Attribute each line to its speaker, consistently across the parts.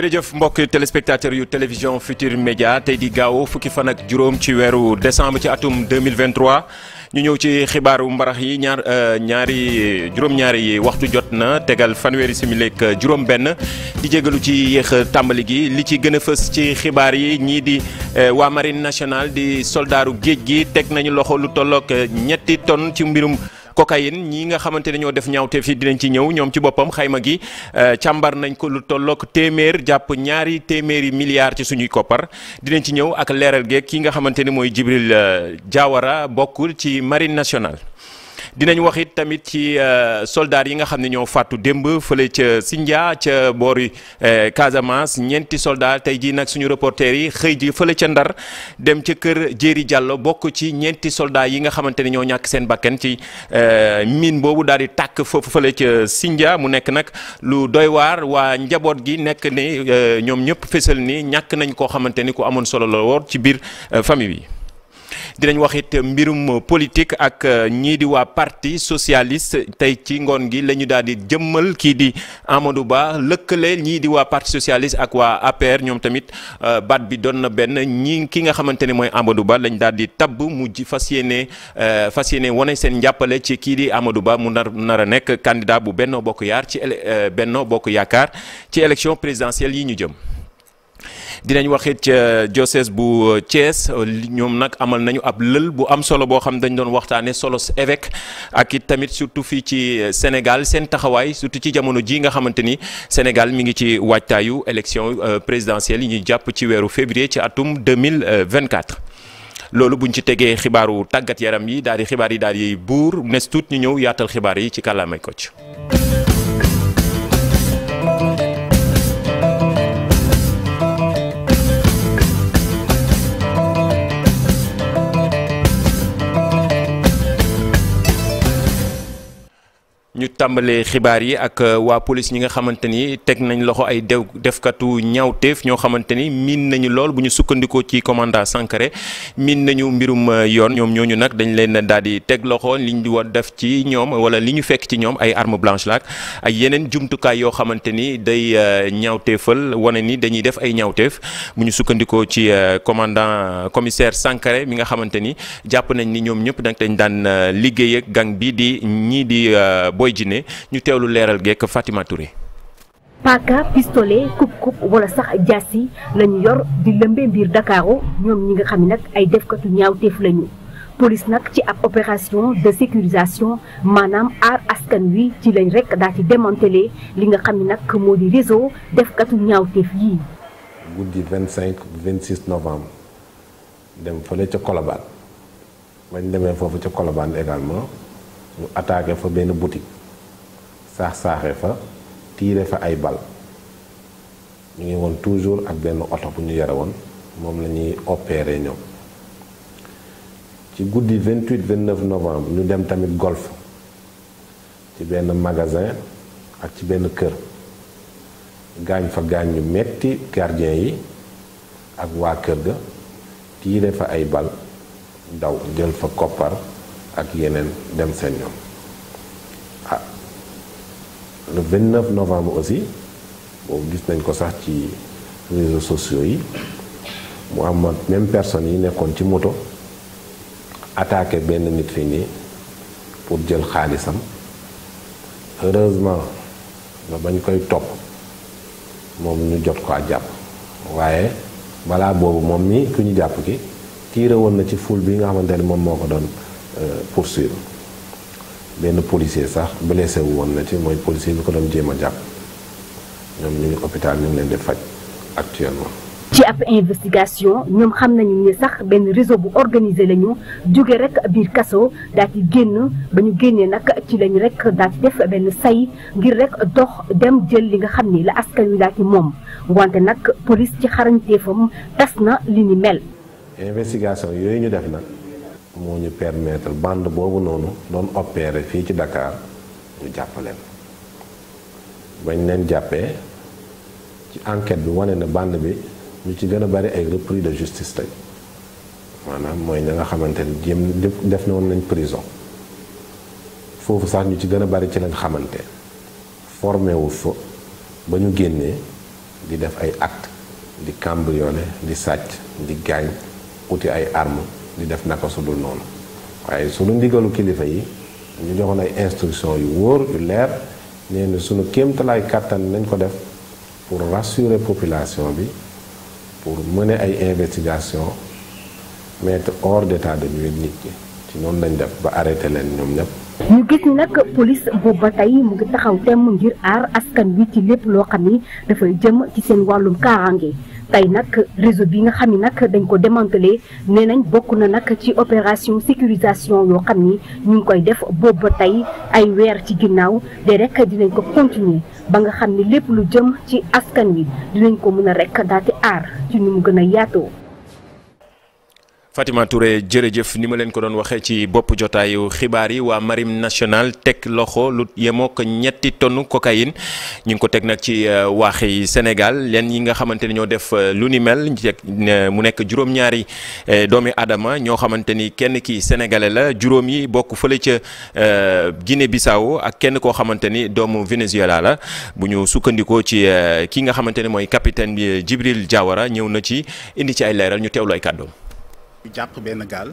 Speaker 1: jërëjëf mbokk téléspectateur yu télévision Futur Média tey di gaaw fukki fan ak juróom ci weeru décembre ci atum 2023 ñu ñëw ci xibaaru mbarax yi ñaar euh, ñaari juróom-ñaari waxtu jot na tegal fanweeri simili ak juróom benn di jégalu ci yéex tàmbali gi li ci gën a fës ci xibaar yi ñii di euh, waa marine nationale di soldaaru géej gi teg nañu loxo lu tollook euh, ñetti tonnes ci mbirum cocaïne ñi nga xamante ne ñoo def ñaawteef yi dinañ ci ñëw ñoom ci boppam xayma gi euh, càmbar nañ ko lu tollook téeméer jàpp ñaari téeméeri milliards ci suñuy koppar dinañ ci ñëw ak leeral geeg ki nga xamante ni mooy Jibril euh, Diawara bokkul ci marine nationale. dinañ wax it tamit ci euh, soldats yi nga xam ne ñoo fàttu démb fële ca Sindia ca boori euh, Casamance ñeenti soldats tey jii nag suñu reporter yi xëy ji fële ca Ndar dem ca kër Jéeri Diallo bokk ci ñeenti soldaar yi nga xamante ne ñoo ñàkk seen bakkan ci euh, mine boobu daal di tàkk foofu fële ca Sindia mu nekk nag lu doy waar waa njaboot gi nekk ni ñoom ñëpp fësal ni ñàkk nañ koo xamante ni ku amoon solo la woon ci biir famille yi dinañ wax it mbirum politique ak euh, ñii di waa parti socialiste tey ci ngoon gi la ñu daal di jëmmal kii di Amadou Ba lëkkale ñii di waa parti socialiste ak waa APR ñoom tamit euh, baat bi doon na benn ñi ki nga xamante ne mooy Amadou Ba lañ daal di tabb mujj fas yéene euh, fas yéene wane seen njàppale ci kii di amadu Ba mu nar nar a nekk candidat bu Benno Bokk Yaar ci Benno Bokk Yaakaar ci élection présidentielle yi ñu jëm. dinañ wax it ca diocèse bu euh, Thiès ñoom nag amal nañu ab lël bu am solo boo xam dañ doon waxtaane solo évêque ak it tamit surtout fii ci euh, Sénégal seen taxawaay surtout ci jamono ji nga xamante ni Sénégal mi ngi ci waajtaayu élection euh, présidentielle yi ñuy jàpp ci weeru février ci atum 2024 loolu buñ ci tegee xibaaru tàggat yaram yi daal di xibaar yi daal di buur nes tuut ñu ñëw yaatal xibaar yi ci kàllaamay Kocc ñu tàmbalee xibaar yi ak euh, waa police ñi nga xamante ni teg nañ loxo ay dew defkatu ñaawteef ñoo xamante ni miin nañu lool bu ñu sukkandikoo ci commandant Sankaré miin nañu mbirum euh, yoon ñoom ñooñu nag dañ leen daal di teg loxo liñ di war def ci ñoom wala li ñu fekk ci ñoom ay arme blanche laak yeneen jumtukaay yoo xamante ni day euh, ñaawteefal wane ni dañuy def ay ñaawteef bu sukkandikoo ci commandant commissaire Sankaré mi nga xamante ni jàpp nañ ni ñoom ñëpp nag dañ daan liggéey ak gang bi di ñii di boy Boy Djiné ñu teewlu leeral geek Fatima Touré.
Speaker 2: paaka pistolet coupe-coupe wala sax yi lañu yor di lëmbee mbir Ndakaaru ñoom ñi nga xam nag ay defkatu ñaawteef lañu police nag ci ab opération de sécurisation maanaam aar askan wi ci lañ rek daa ci démantelé li nga xam ne nag moo di réseau defkatu ñaawteef yii.
Speaker 3: guddi 25 26 novembre dem fële ca Colobane bañ demee foofu ca Colobane également ñu attaqué fa benn boutique. saax-saaxe fa tiire fa ay bal ñu ngi woon toujours ak benn oto bu ñu yore woon moom lañuy ñuy opéré ñoom ci guddi 28 29 novembre ñu dem tamit golf ci benn magasin ak ci benn kër gaañ fa gaañ ñu metti gardien yi ak waa kër ga tiire fa ay bal daw jël fa koppar ak yeneen dem seen ñoom le 29 novembre aussi boobu gis nañ ko sax ci réseaux sociaux yi mu am même personne yi nekkoon ci moto attaqué benn nit fii nii pour jël xaalisam heureusement ba bañ koy topp moom ñu jot ko a jàpp waaye balaa boobu moom nii ku ñu jàpp ki tiire woon na ci foule bi nga xamante ne moom moo ko doon euh, poursuivre benn policier sax blessé wu woon na ci mooy policier bi ko doon jéem a jàpp ñoom ñu ngi hôpital ñu ngi
Speaker 2: ci ab investigation ñoom xam nañu ni sax benn réseau bu organisé la ñu jóge rek biir kaso daa di génn ba ñu génnee nag ci lañ rek daal di def benn say ngir rek dox dem jël li nga xam ni la askan wi daa di moom wante nag police ci xarañteefam tas na li ni mel.
Speaker 3: investigation yooyu ñu def nag. moo ñu permettre bànd boobu noonu doon opérer fii ci Dakar ñu jàppaleen bañ leen jàppee ci enquête bi wane na bànd bi ñu ci gën a bari ay repris de justice lañ maanaam mooy ña nga xamante ni jéem def na woon nañ prison foofu sax ñu ci gën a bari ci lañ xamante formé wu ba ñu génnee di def ay acte di cambrioler di sàcc di gaañ wuti ay armes di def naka su dul noonu waaye sunu ndigalu kilifa yi ñu joxoon ay instruction yu wóor yu leer nee na sunu kéemtalaay kàttan nañ ko def pour rassurer population bi pour mener ay investigation mettre hors d'état de nuire nit ñi ci ñoom lañ def ba arrêté leen ñoom ñëpp
Speaker 2: ñu gis ni nag police boobu ba tey mu ngi taxaw temm ngir aar askan wi ci lépp loo xam ni dafay jëm ci seen wàllum kaaraange tey nag réseau bi nga xam ni nag dañ ko démantelé nee nañ bokk na nag ci opération sécurisation yoo xam ni ñu ngi koy def boobu ba tey ay weer ci ginnaaw de rek dinañ ko continuer ba nga xam ni lépp lu jëm ci askan wi dinañ ko mën a rek daal di aar ci ñu mu gën a yaatoo
Speaker 1: Fatima jërëjëf ni ma leen ko doon waxee ci bopp jotaayu xibaar yi waa marim national tek loxo lu yemoo ko ñetti tonnu cocaïne ñu ngi ko teg nag ci euh, waaxi Sénégal leen yi nga xamante ni ñoo def euh, lu ni mel mu nekk juróom-ñaari euh, doomi aadama ñoo xamante ni kenn ki sénégalais la juróom yi bokk fële ca Guinée Bissau ak kenn koo xamante ni doomu Venezuela la bu ñu sukkandikoo ci ki nga xamante ni mooy capitaine bi Djibril Diawara ñëw na ci indi ci ay leeral ñu teewlooy kàddoom.
Speaker 4: ñu jàpp benn gaal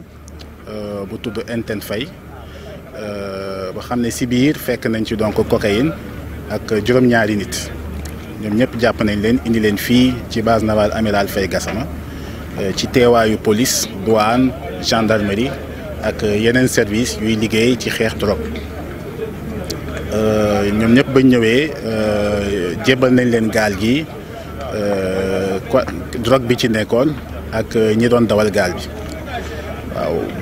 Speaker 4: euh, bu tudd Enten Faye euh, ba xam ne si biir fekk nañ ci donc cocaïne ak juróom-ñaari nit ñoom ñëpp jàpp nañ leen indi leen fii ci base navale amiral Faye Gassama euh, ci teewaayu police douane gendarmerie ak yeneen service yuy liggéey ci xeex drogue ñoom ñëpp bañ ñëwee jébbal nañ leen gaal gi drogue bi ci nekkoon ak ñi doon dawal gaal bi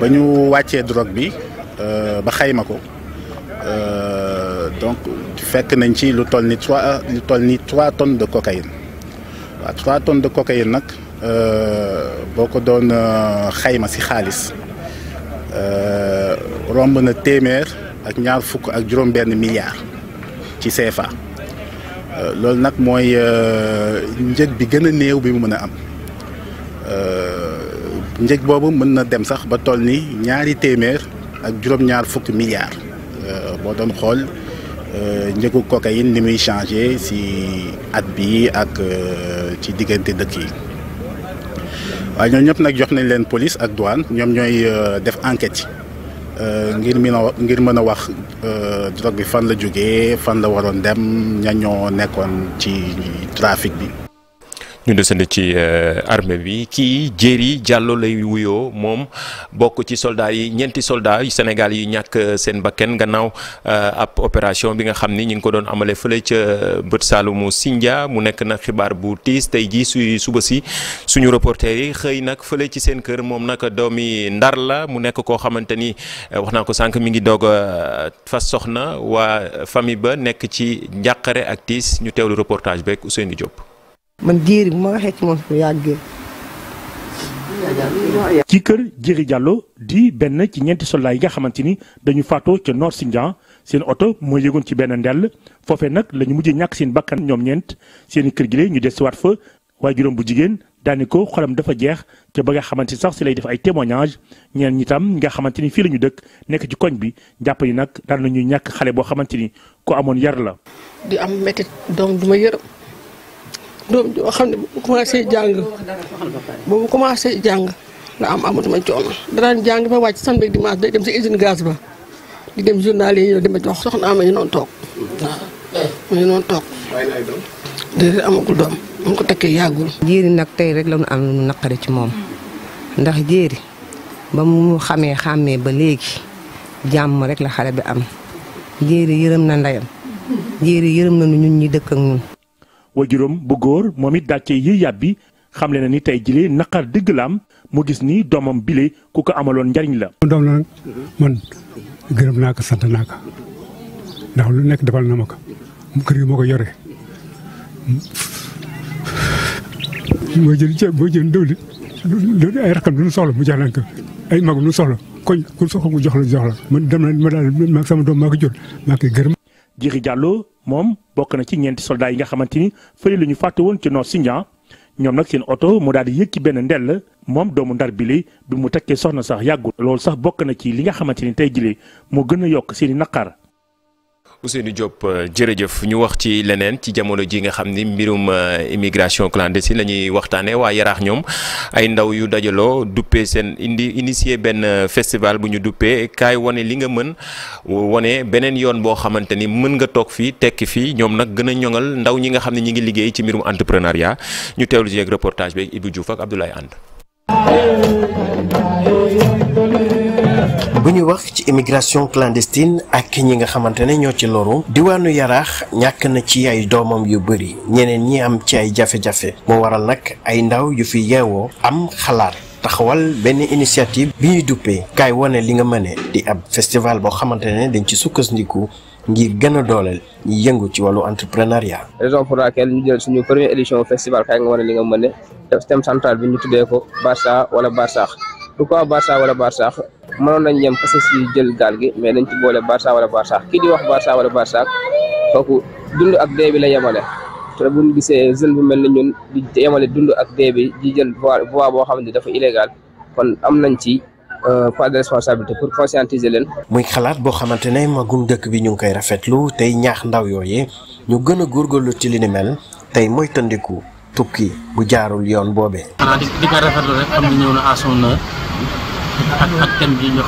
Speaker 4: ba ñu wàccee drogue bi euh, ba xayma ko euh, donc fekk nañ ci lu toll ni trois lu de cocaïne waaw trois tonnes de cocaïne nag euh, boo ko doon xayma si xaalis romb na téeméer ak ñaar fukk ak juróom-benn milliard ci CFA loolu nag mooy njëg bi gën a néew bi mu mën a am. njëg boobu mën na dem sax ba toll ni ñaari téeméer ak juróom-ñaar fukki milliards euh, boo doon xool euh, njëgu cocaïne ni muy changé si at bi ak euh, ci diggante dëkk yi waaye ñoo ñëpp nag jox nañ leen police ak douane ñoom ñooy def enquête yi ngir mën a ngir mën a wax drogue bi fan la jóge fan la waroon dem ña nekkoon ci trafic bi
Speaker 1: ñu desandi ci euh, armée bi kii yi Diallo lay wuyoo moom bokk ci soldats yi ñeenti soldats yi Sénégal yi ñàkk euh, seen bakken gannaaw euh, ab opération bi nga xam ni ñu ngi ko doon amale fële ca bët Saalumu Sindia mu nekk na xibaar bu tiis tey jii su suba si suñu reporter yi xëy nag fële ci seen kër moom nag doomi Ndar la mu nekk koo xamante ni wax naa ko sànq mi ngi doog a fas soxna waa famille ba nekk ci njàqare ak tiis ñu teewlu reportage beeg Ousseynou Diop.
Speaker 5: man jéeri bu ma waxee
Speaker 6: ci kër Djéri Diallo di benn ci ñeenti soldat yi nga xamante ni dañu faatoo ca Nord Sindian seen oto mooy yëgoon ci benn ndell foofee nag la ñu mujjee ñàkk seen bakkan ñoom ñeent seen kër gi ñu desiwaat fa waaye juróom bu jigéen daani ko xolam dafa jeex te ba nga xamante ni sax si lay def ay témoignage ñeen ñi tam nga xamante ni fii lañu dëkk nekk ci koñ bi jàpp ni nag daan nañuy ñàkk xale boo xamante ni ko amoon yar la.
Speaker 2: doom joo xam ne bu commencé jàng ba mu commencé jàng la am amatuma coono danaan jàng fa wàcc samedi dimanche day dem si usine gaz ba di dem journal yi ñëw di ma jox soxna ma ñu noonu toog waaw ma ñu noonu toog déedéet amagul doom mu ko takkee yàggul jéeri nag tey
Speaker 5: rek la ñu am nu naqari ci moom ndax jéeri ba mu xamee xàmmee ba léegi jàmm rek la xale bi am jéeri yërëm na ndeyam jéeri yërëm na nu ñun ñi dëkk ak ñun
Speaker 6: juróom bu góor moom it daal gàcce yi yàbbi xamle na ni tey jile naqar dëgg laam mu gis nii doomam bile ku ko amaloon njariñ la.
Speaker 5: doom la nag
Speaker 7: man gërëm sant naa ndax lu nekk defal na ma ko kër gi ma ko yore moo jël ceeb moo jël dëwlin loolu ay rakam lu mu soxla mu jox leen ko ay magam lu mu soxla koñ ku soxla mu jox la jox la man dem na ma daal ma sama doom maa ko jur maa koy gërëm.
Speaker 6: Djiri Diallo moom bokk na ci ñeenti soldats yi nga xamante ni fële la ñu fàtte woon ci nord Sindian ñoom nag seen oto mu daal di yëg ci benn ndell moom doomu ndar bile bi mu tekkee soxna sax yàggut loolu sax bokk na ci li nga xamante ni tey jile moo gën a yokk seen i naqar
Speaker 1: Ousseynou Diop euh, jërëjëf ñu wax ci leneen ci jamono ji nga xam ni mbirum euh, immigration clandestine la ñuy waxtaanee waa yaraax ñoom ay ndaw yu dajaloo duppee seen indi initier benn euh, festival bu ñu duppee kaay wane li nga mën wane beneen yoon boo xamante ni mën nga toog fii tekki fii ñoom nag gën a ñoŋal ndaw ñi nga xam ne ñi ngi liggéey ci mbirum entrepreneuriat ñu teewlu ci ak reportage bi
Speaker 8: Ibou Diouf ak Abdoulaye Anne bu ñuy wax ci immigration clandestine ak ñi nga xamante ne ñoo ci loru diwaanu yaraax ñàkk na ci ay doomam yu bëri ñeneen ñi am ci ay jafe-jafe moo waral nag ay ndaw yu fi yeewoo am xalaat taxawal benn initiative bi ñuy duppee kaay wane li nga mëne di ab festival boo xamante ne dañ ci sukkandiku ngir gën a dooleel ñu yëngu ci wàllu entrepreneuriat.
Speaker 5: raison pour laquelle ñu jël suñu première édition festival kaay nga wane li nga mëne thème central bi ñu tuddee ko Barça wala Barsaax mënoon nañ yem kese si jël gaal gi mais dañ ci boole Barça wala Barça kii di wax Barça wala Barça kooku dund ak dee bi la yemale te bu ñu gisee jeune bu mel ni ñun di yemale dund ak dee bi di jël voie voie boo xam ni dafa illégal kon am nañ ci euh, part de responsabilité pour conscientiser leen.
Speaker 8: muy xalaat boo xamante ne magum dëkk bi ñu ngi koy rafetlu tey ñaax ndaw yooyee ñu gën a góorgóorlu ci li ni mel tey mooy tëndiku tukki bu jaarul yoon boobee. ak mhm. ak mhm.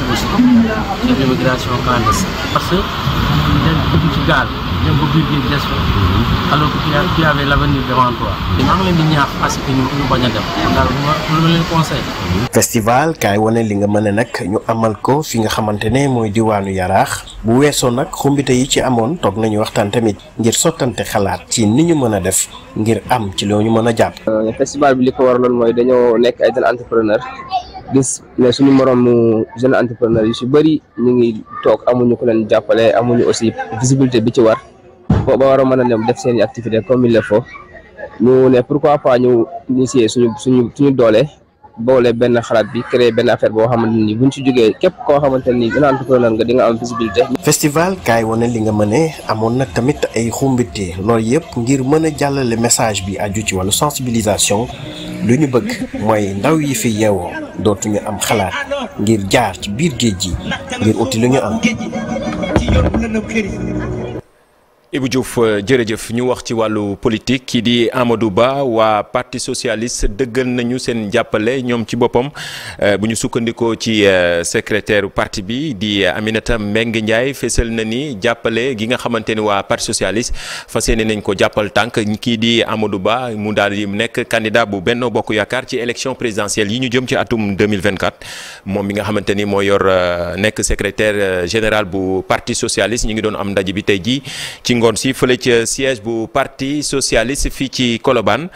Speaker 8: festival kaay wane li nga mën a nag ñu amal ko fi nga xamante ne mooy diwaanu yaraax bu weesoo nag xumbite yi ci amoon toog nañu waxtaan tamit ngir sottante xalaat ci ni ñu mën a def ngir am ci loo ñu mën a jàpp euh,
Speaker 5: festival bi li ko war waraloon mooy dañoo nekk ay entrepreneur gis ne suñu moroom jeune entrepreneur yu si bëri ñu ngi toog amuñu ko leen jàppale amuñu aussi visibilité bi ci war ba war a mën a def seen i activité comme il faut ñu ne pourquoi pas ñu initier suñu suñu suñu doole boole benn xalaat bi créer benn affaire boo xamante ni buñ ci jógee képp koo xamante ni jeune entrepreneur nga di nga am visibilité. festival kaay wane li nga mën a amoon na tamit ay
Speaker 8: xumbite loolu yëpp ngir mën a jàllale message bi aju ci wàllu sensibilisation. lu ñu bëgg mooy ndaw yi fi yeewoo dootuñu am xalaat ngir jaar ci biir géej gi ngir uti lu ñu am Ibou Diouf
Speaker 1: euh, jërëjëf ñu wax ci wàllu politique kii di amadu Ba waa parti socialiste dëggal nañu seen jàppale ñoom ci boppam euh, bu ñu sukkandikoo ci euh, secrétaire parti bi di Aminata Mbengue Ndiaye fésal na ni jàppale gi nga xamante ni waa parti socialiste fas yéene nañ ko jàppal tànk kii di Amadou Ba mu daal di nekk candidat bu benn Bokk Yaakaar ci élection présidentielle yi ñu jëm ci atum 2024 moom mi nga xamante ni moo yor nekk secretaire général bu parti socialiste ñu ngi doon am ndaje bi tey ji ngoon si fële ca siège bu parti socialiste fii ci Colobane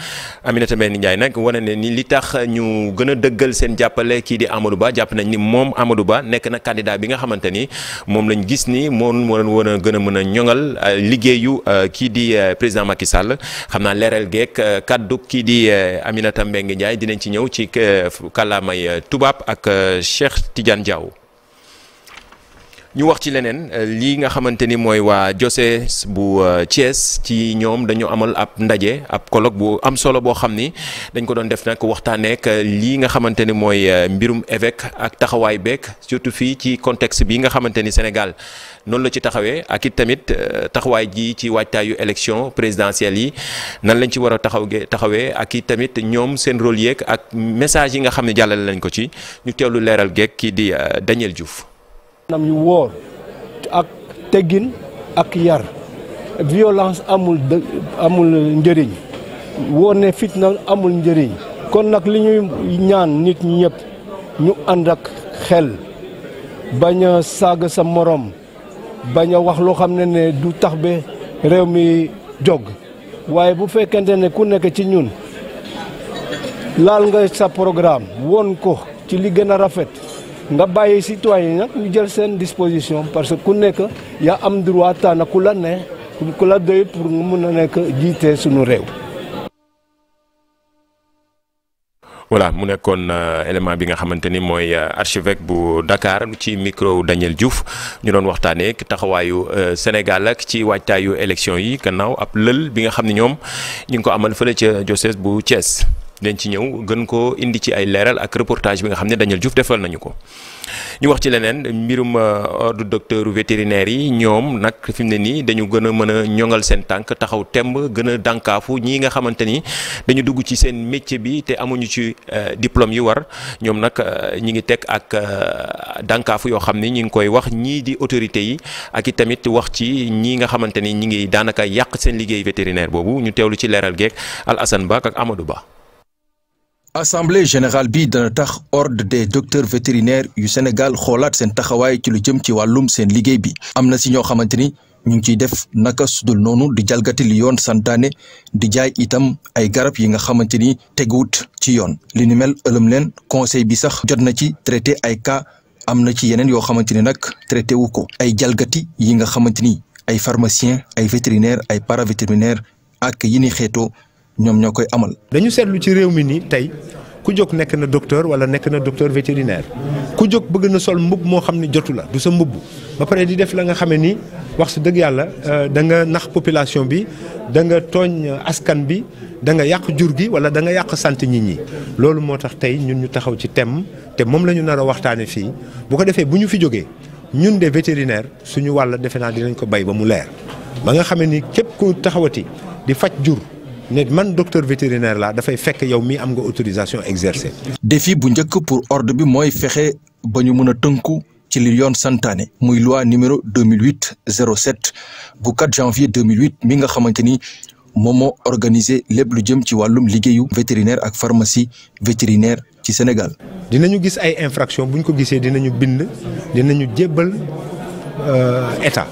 Speaker 1: Aminata Mbengue Ndiaye nag wane ne ni li tax ñu gën a dëggal seen jàppale kii di Amadou Ba jàpp nañ ni moom Amadou Ba nekk na candidat bi nga xamante ni moom lañ gis ni moom moo leen war a gën a mën a ñoŋal euh, liggéeyu euh, kii di euh, président Macky Sall xam naa leeral geek kaddu kii di Aminata Mbengue Ndiaye dinañ ci ñëw ci kàllaamay tubaab ak Cheikh Tidiane Diaw. ñu wax ci leneen euh, lii nga xamante ni mooy waa jose bu euh, Thiès ci ñoom dañu amal ab ndaje ab colloque bu am solo boo xam ni dañ ko doon def nag waxtaaneek euh, lii nga xamante ni mooy mbirum évêque ak taxawaay beek surtout fii ci contexte bi nga xamante ni Sénégal noonu la ci taxawee ak it tamit taxawaay ji ci waajtaayu élection présidentielle yi nan lañ ci war a taxaw taxawee ak it tamit ñoom seen rôle yeeg ak message yi nga xam ne jàllale lañ ko ci ñu teelu leeral geek kii di Daniel Diouf.
Speaker 7: nam yu wóor ak teggin ak yar violance amul amul njëriñ wóor ne fitna amul njëriñ kon nag li ñuy ñaan nit ñëpp ñu ànd ak xel bañ a saaga sa morom bañ a wax loo xam ne ne du tax ba réew mi jog waaye bu fekkente ne ku nekk ci ñun laal nga sa programme woon ko ci li gën a rafet nga bàyyi citoyen yi nag ñu jël seen disposition parce que ku nekk yaa am droit tànn ku la ne ku la doy pour nga a nekk jiite suñu réew.
Speaker 1: voilà mu nekkoon euh, élément bi nga xamante ni mooy euh, archevêque bu Dakar ci micro Daniel Diouf ñu doon waxtaanee taxawaayu euh, Sénégal ak ci waajtaayu élection yi kannaaw ab lël bi nga xam ne ñoom ñu ngi ko amal fële ca diocèse bu Thiès. dañ ci ñëw gën ko indi ci ay leeral ak reportage bi nga xam ne Daniel Diouf defal nañu ko ñu wax ci leneen mbirum euh, ordre docteur vétérinaire yi ñoom nag fi mu ne nii dañu gën a mën a ñoŋal seen tànk taxaw temb gën a dànkaafu ñii nga xamante ni dañu dugg ci seen métier bi te amuñu ci euh, diplôme yi war ñoom nag euh, ñi ngi teg ak dànkaafu yoo xam ne ñi ngi koy wax ñii di autorités yi ak i tamit wax ci ñii nga xamante ni ñi ngi daanaka yàq seen liggéey vétérinaire boobu ñu teewlu ci leeral geek Al Assane Ba ak Amadou
Speaker 9: assemblée général bi dana tax ordre des docteurs vétérinaires yu Sénégal xoolaat seen taxawaay ci lu jëm ci wàllum seen liggéey bi am na si ñoo xamante ni ñu ngi ciy def naka sudul noonu di jalgati li yoon santaane di jaay itam ay garab yi nga xamante ni teguwut ci yoon li ni mel ëlëm leen conseil bi sax jot na ci traité ay cas am na ci yeneen yoo xamante ni nag traité wu ko ay jalgati yi nga xamante ni ay pharmaciens ay vétérinaires ay paravétérinaires ak yi ni xeetoo ñoom ñoo koy amal. dañu seetlu ci réew mi nii tey
Speaker 7: ku jóg nekk na docteur wala nekk na docteur vétérinaire ku jóg bëgg na sol mbubb moo xam ne jotu la du sa mbubb ba pare di def la nga xamee ni wax su dëgg yàlla euh, da nga nax population bi da nga tooñ euh, askan bi da nga yàq jur gi wala da nga yàq sant nit ñi. loolu moo tax tey ñun ñu taxaw ci thème te moom la ñu nar a waxtaanee fii bu ko defee bu ñu fi jógee ñun des vétérinaires suñu wàll defe naa dinañ ko bay ba mu leer ba nga xamee ni képp ku taxawati di faj jur. ne man docteur vétérinaire la dafay fekk yow mii am nga autorisation
Speaker 9: exercer. défi bu njëkk pour ordre bi mooy fexe ba ñu mën a tënku ci li yoon santaane muy loi numéro 2008 07 bu 4 janvier 2008 mi nga xamante ni moom moo organisé lépp lu jëm ci wàllum liggéeyu vétérinaire ak pharmacie vétérinaire ci Sénégal. dinañu gis ay infraction bu ñu ko gisee dinañu bind dinañu
Speaker 7: jébbal euh, état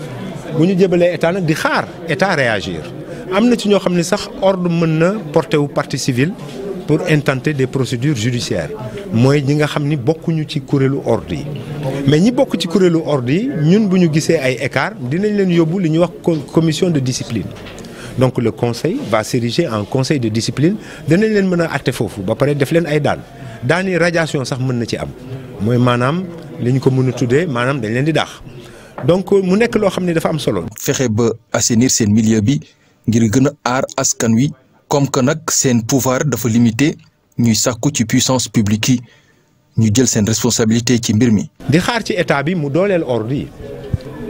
Speaker 7: bu ñu jébalee état nag di xaar état réagir. am na ci ñoo xam ne sax ordre mën na porté wu partie civile pour intenter des procédures judiciaires mooy ñi nga xam ni bokkuñu ci kuréelu ordre yi mais ñi bokk ci kuréelu ordre yi ñun bu ñu gisee ay écart dinañ leen yóbbu li ñuy wax commission de discipline donc le conseil va s'ériger en conseil de discipline danañ leen mën a àtte foofu ba pare def leen ay daan daani radiation sax mën na ci am mooy maanaam li ñu ko mën a tuddee maanaam
Speaker 9: dañ leen di daax donc mu nekk loo xam ne dafa am solo. fexe ba assainir seen milieu bi. ngir gën a aar askan wi comme que nag seen pouvoir dafa limité ñuy sàkku ci puissance publique yi ñu jël seen responsabilité ci mbir mi. di xaar ci état bi mu
Speaker 7: dooleel ordre yi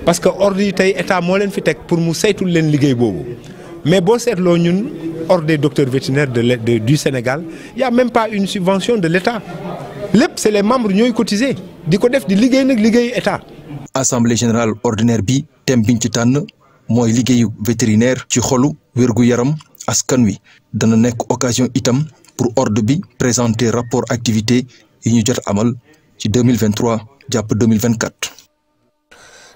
Speaker 7: parce que ordre yi tey état moo leen fi teg pour mu saytul leen liggéey boobu mais boo seetloo ñun ordre des docteurs vétérinaires de, de du Sénégal y a même pas une
Speaker 9: subvention de l'état lépp c'est les membres ñooy cotiser di ko def di liggéey nag liggéeyu état. assemblée général ordinaire bi thème biñ ci tànn mooy liggéeyu vétérinaire ci xolu wérgu yaram askan wi dana nekk occasion itam pour orde bi présenter rapport activité yi ñu jot amal ci 2023 jàpp 2024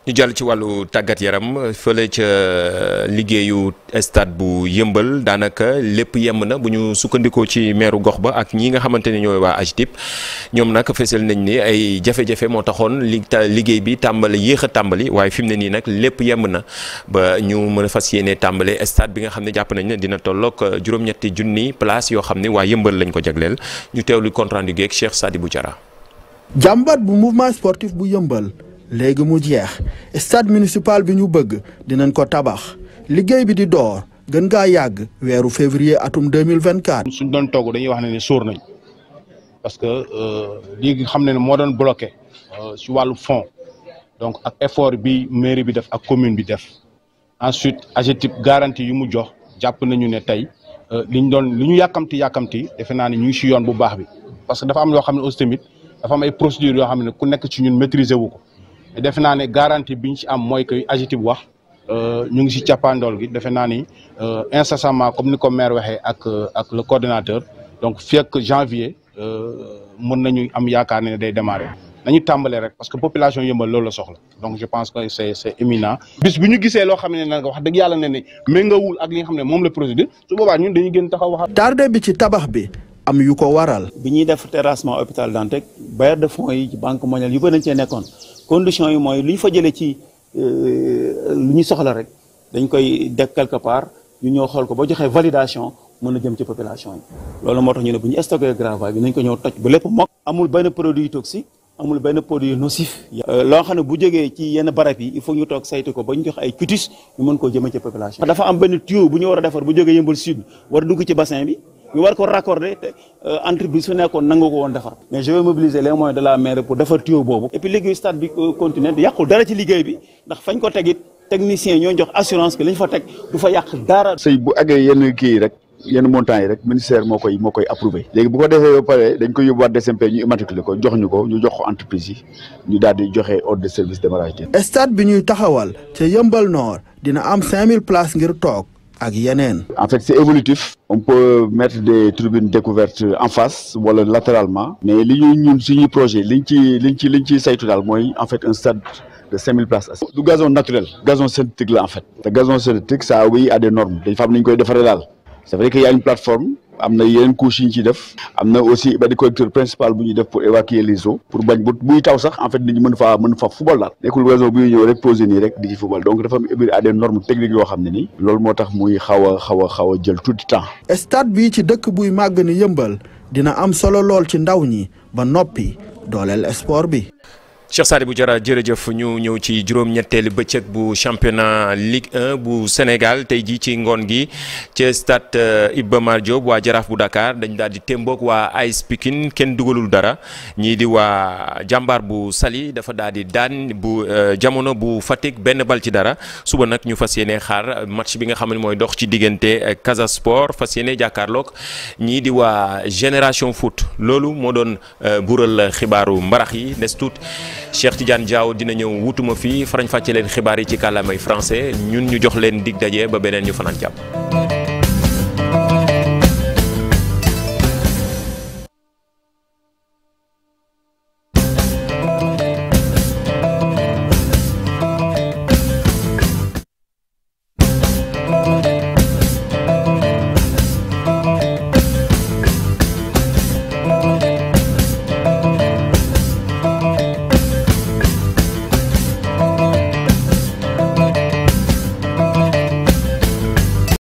Speaker 1: ñu jàll ci wàllu tàggat yaram fële ca euh, liggéeyu stade bu yëmbal daanaka lépp yem na bu ñu sukkandikoo ci meeru gox ba ak ñi nga xamante ne ñooy waa AGETIP ñoom nag fësal nañ ni ay jafe-jafe moo taxoon li liggéey bi tàmbali yéex a tàmbali waaye fi mu ne nii nag lépp yemb na ba ñu mën fas yéene tàmbale stade bi nga xam ne jàpp nañ ne dina tolloog euh, juróom-ñetti junni place yoo xam ne waa yëmbal lañ ko jagleel ñu teewlu lu rendu geeg Cheikh Sadibou Diarra
Speaker 4: bu mouvement yëmbal léegi mu jeex stade municipal bi ñu bëgg dinañ ko tabax liggéey bi di door gën ngaa yàgg weeru février atum 2024. suñ doon togg dañuy wax ne ne sóor nañ parce que euh, lii nga xam ne moo doon bloqué si euh, wàllu fond donc ak effort bi mairie bi def ak commune bi def ensuite AGETIP garanti yu mu jox jàpp nañu ne tey euh, liñ doon li ñu yàkkamti yàkkamti defe naa ni ñu ngi si yoon bu baax bi parce que dafa am yoo xam ne aussi dafa am ay procédures yoo xam ne ku nekk ci ñun maîtriser wu ko. defe naa ne bi ñu si am mooy que AGETIP bu wax euh, ñu ngi si cappaandool gi defe naa ni euh, incessamment comme ni ko maire waxee ak euh, ak le coordonnateur donc fii ak janvier mën nañu am yaakaar ne day démarrer nañu tàmbalee rek parce que population loolu la soxla donc je pense que c'est c'est imminent bis bu ñu gisee xam ne nag wax dëgg yàlla ne ne méngoowul wul li nga xam ne moom la procédure su boobaa ñun dañuy gën taxaw wax. tardé bi ci tabax bi. am yu ko waral.
Speaker 6: bi ñuy def terrassement hôpital dante bailleur de fonds yi ci banque mondiale yu bëri nañ cee nekkoon. condition yi mooy lu ñu fa jëlee ci euh, lu ñu soxla rek dañ koy deg quelque part ñu ñëw xool ko ba joxee validation mën a jëm ci population yi loolu moo tax ñu ne bu ñu stocké grava bi nañ ko ñëw toj ba lépp mokk amul benn produit toxi amul benn produit nocif euh, loo xam ne bu jógee ci yenn barab yi il faut ñu toog sayt ko ba ñu jox ay cutis ñu mën koo jëmee ci population dafa am benn tuyau bu ñu war a defar bu jógee yëmbal sud war a dugg ci bassin bi ñu war ko raccorder te euh, entreprise su nekkoon nangu ko woon defar mais je mobiliser les moyens de la mairie pour defar tuyau boobu et puis liggéeyu stade bi euh,
Speaker 7: liggéey bi ndax fañ ko tegit technicien ñoo jox assurance que lañ fa teg du fa yàq dara bu agee yenn kii rek yenn montant rek ministère moo koy moo koy approuvé léegi bu ko defee ba pare dañ koy yóbbuwaat DCMP ñu immatriculé ko jox ñu ko ñu jox ko entreprise yi ñu daal di joxe ordre de service démarrage
Speaker 4: stade bi ñuy taxawal ca Yeumbeul dina am 5000 places ngir toog
Speaker 7: ak yeneen. en fait c'est évolutif. on peut mettre des tribunes découvertes en face wala latéralement. mais li ñuy ñun suñuy projet liñ ci liñ ci liñ ciy saytu daal mooy en fait un stade. de 5000 places. du gazon naturel. gazon synthétique la en fait. te gazon synthétique des normes. dañ fa am koy defaree daal. c'est vrai que y a une plateforme am na yeneen couches yu ñu ciy def am na aussi benn collecteur principal bu ñuy def pour évacuer les eaux pour bañ bu buy taw sax en fait nit ñi mën faa mën fa football daal nekkul réseau bu ñuy ñëw rek posé nii rek di ci football donc dafa am à des normes techniques yoo xam ne nii loolu moo tax muy xaw a xaw a xaw a jël tout le temps stade bi ci dëkk buy màgg ni yëmbal dina am solo
Speaker 4: lool ci ndaw ñi ba noppi dooleel sport bi
Speaker 1: Cheikh Sadibou Diarra jërëjëf ñu ñëw ci juróom-ñetteelu bëccëg bu championnat Ligue 1 bu Sénégal tey jii ci ngoon gi ci stade euh, Iba Mar waa Jaraaf bu Dakar dañ daal di témboog waa AS Pikine kenn dugalul dara ñii di waa jàmbaar bu sali dafa daal di daan bu euh, jamono bu Fatick benn bal ci dara suba nag ñu fas yéene xaar match bi nga xam ne mooy dox ci diggante euh, Casa Sport fas yéene jàkkaarloog ñii di waa Génération Foot loolu moo doon bural xibaaru mbarax yi des Cheikh Tidiane Diaw dina ñëw wutuma fii farañ fàcce leen xibaar yi ci kàllaamay français ñun ñu jox leen dig daje ba beneen ñu fanaan jàpp